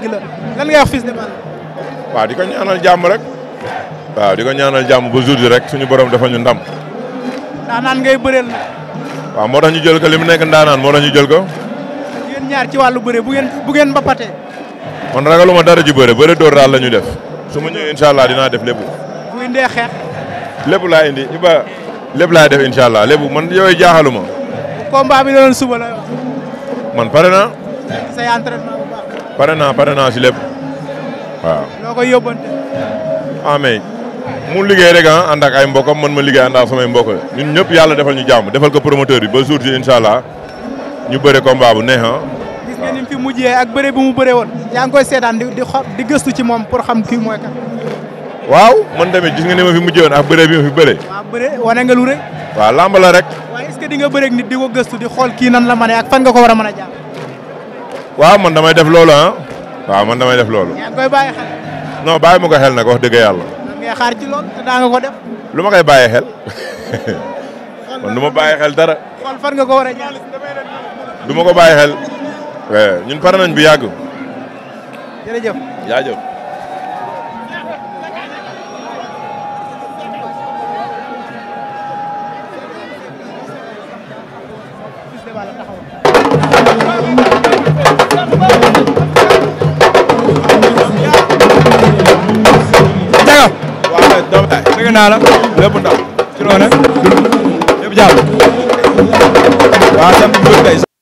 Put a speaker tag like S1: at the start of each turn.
S1: dëgg
S2: di ko ñaanal jàmm rek. waaw di ko ñaanal jàmm ba jour bi rek suñu borom dafa ñu ndam. ndaanaan ngay bëreel na. waaw moo tax ñu jël ko li mu nekk ndaanaan moo tax ñu jël ko.
S1: yéen ñaar ci wàllu bëre bu ngeen bu ngeen ba patee.
S2: man ragaluma dara ji bëre bëre door daal la ñu def su ma ñëwee dinaa def lépp. bu indee xeex. lépp laa indi Iba lépp laa def incha allah lépp man yooyu jaaxaluma.
S1: combat bi suba la.
S2: man pare naa. pare naa pare naa si lépp waaw.
S1: loo koy yóbbante.
S2: ah mais ay mbokkam man ma liggéey ànd ak mboko mbokk ñun ñëpp yàlla defal ñu jàmm defal ko promoteur bi ba jour ji incha allah ñu bëre combat bu neex ah.
S1: gis nga ni mu fi mujjee ak bëre bu mu bëree woon. yaa ngi koy di di di gëstu ci moom pour xam kii mooy kan.
S2: waaw man tamit gis nga ni ma fi mujjee woon ak bëre bi ma fi bëre.
S1: wa bëre wane
S2: nga lu rek. waaw làmb la rek.
S1: wa est-ce que di nga bëreeg nit di ko gëstu di xool ki nan la mën ak fan nga ko war a mën
S2: waaw man damay def loolu ah. waaw man damay def loolu. yaa ngi bàyyi xel. ma ko xel nag wax dëgg yàlla.
S1: ci loolu te daa ko def.
S2: lu ma koy bàyyi xel. man du ma bàyyi xel dara. xool ko du ma ko bàyyi xel. Eh, ñun pare nañ bu yàgg.
S1: naa la lépp ndax ci loolu nag yëpp jàpp waaw